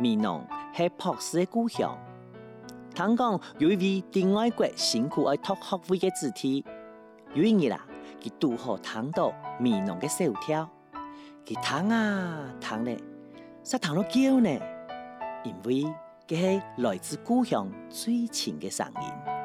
美濃係樸實嘅故鄉，聽講有一位對外國辛苦而拓學問嘅字體，有一日啦，去拄好探到美濃嘅小條，佢嘆啊嘆咧，煞嘆到叫呢，因為佢係來自故鄉最親嘅聲音。